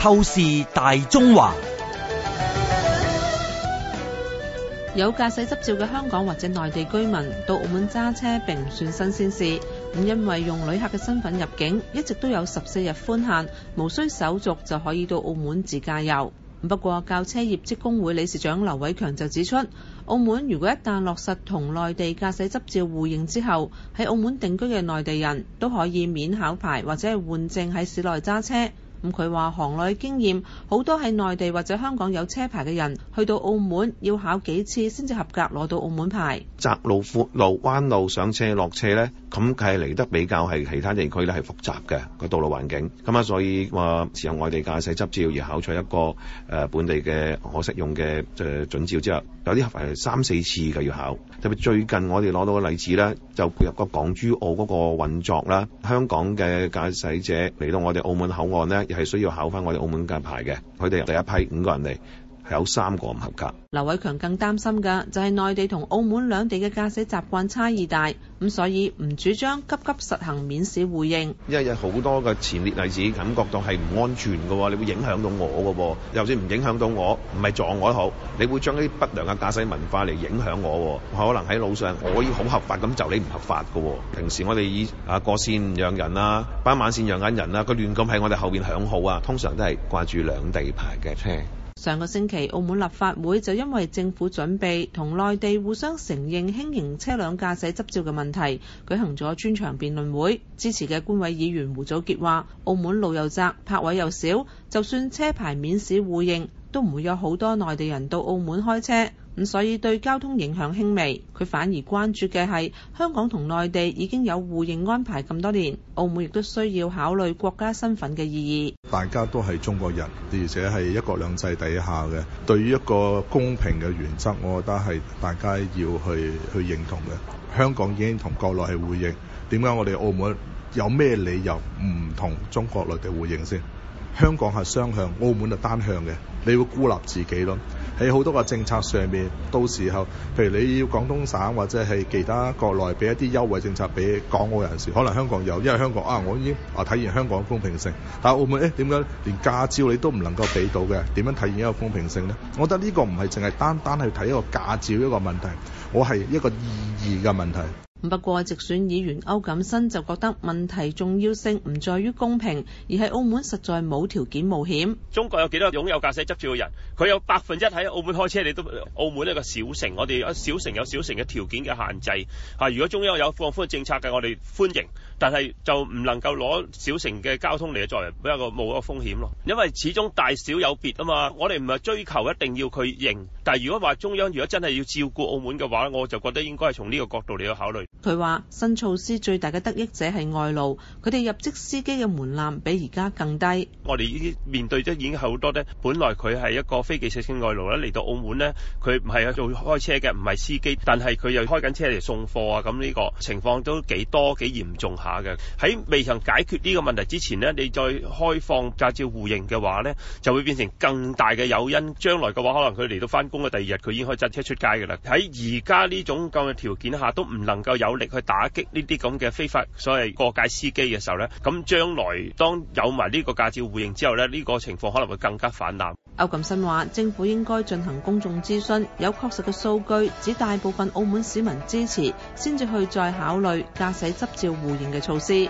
透視大中華，有駕駛執照嘅香港或者內地居民到澳門揸車並唔算新鮮事。咁因為用旅客嘅身份入境，一直都有十四日寬限，無需手續就可以到澳門自駕遊。不過，教車業職工會理事長劉偉強就指出，澳門如果一旦落實同內地駕駛執照互認之後，喺澳門定居嘅內地人都可以免考牌或者換證喺市內揸車。咁佢話行內經驗，好多係內地或者香港有車牌嘅人去到澳門要考幾次先至合格攞到澳門牌。窄路、闊路、彎路，上車落車呢，咁佢係嚟得比較係其他地區呢係複雜嘅個道路環境。咁啊，所以話持有外地駕駛執照而考取一個誒本、呃、地嘅可適用嘅誒準照之後，有啲合係三四次嘅要考。特別最近我哋攞到嘅例子呢，就配合個港珠澳嗰個運作啦，香港嘅駕駛者嚟到我哋澳門口岸呢。係需要考翻我哋澳門嘅牌嘅，佢哋第一批五個人嚟。有三個唔合格。劉偉強更擔心嘅就係、是、內地同澳門兩地嘅駕駛習慣差異大，咁所以唔主張急急實行免試。回應因為有好多嘅前列例子，感覺到係唔安全嘅，你會影響到我嘅。就算唔影響到我，唔係撞我好，你會將啲不良嘅駕駛文化嚟影響我的。可能喺路上，我要好合法咁就你唔合法嘅。平時我哋以啊過線讓人啦，斑、啊、斑馬線讓緊人啦，佢亂咁喺我哋後邊響號啊，通常都係掛住兩地牌嘅車。上個星期，澳門立法會就因為政府準備同內地互相承認輕型車輛駕駛執照嘅問題，舉行咗專場辯論會。支持嘅官委議員胡祖傑話，澳門路又窄，泊位又少，就算車牌免試互認，都唔會有好多內地人到澳門開車，咁所以對交通影響輕微。佢反而關注嘅係香港同內地已經有互認安排咁多年，澳門亦都需要考慮國家身份嘅意義。大家都係中國人，而且係一國兩制底下嘅，對於一個公平嘅原則，我覺得係大家要去去認同嘅。香港已經同國內係互認，點解我哋澳門有咩理由唔同中國內地互認先？香港係雙向，澳門係單向嘅。你會孤立自己咯。喺好多個政策上面，到時候譬如你要廣東省或者係其他國內俾一啲優惠政策俾港澳人士，可能香港有，因為香港啊，我已經啊體現香港的公平性。但澳門誒點解連駕照你都唔能夠俾到嘅？點樣體現一個公平性呢？我覺得呢個唔係淨係單單去睇一個駕照一個問題，我係一個意義嘅問題。不過直選議員歐錦新就覺得問題重要性唔在於公平，而喺澳門實在冇條件冒險。中國有幾多擁有駕駛執照嘅人？佢有百分之一喺澳門開車，你都澳門一個小城，我哋小城有小城嘅條件嘅限制。啊，如果中央有放寬政策嘅，我哋歡迎，但係就唔能夠攞小城嘅交通嚟作為一個冒一個風險咯。因為始終大小有別啊嘛，我哋唔係追求一定要佢認，但係如果話中央如果真係要照顧澳門嘅話，我就覺得應該係從呢個角度嚟去考慮。佢話新措施最大嘅得益者係外勞，佢哋入職司機嘅門檻比而家更低。我哋依啲面對咗已經好多呢，本來佢係一個非技術性外勞咧嚟到澳門呢，佢唔係啊做開車嘅，唔係司機，但係佢又開緊車嚟送貨啊！咁呢個情況都幾多幾嚴重一下嘅。喺未曾解決呢個問題之前呢，你再開放駕照互認嘅話呢，就會變成更大嘅誘因。將來嘅話，可能佢嚟到翻工嘅第二日，佢已經可以揸車出街嘅啦。喺而家呢種咁嘅條件下，都唔能夠有，有力去打擊呢啲咁嘅非法所謂過界司機嘅時候咧，咁將來當有埋呢個駕照互認之後咧，呢個情況可能會更加泛濫。歐錦新話：政府應該進行公眾諮詢，有確實嘅數據，指大部分澳門市民支持，先至去再考慮駕駛執照互認嘅措施。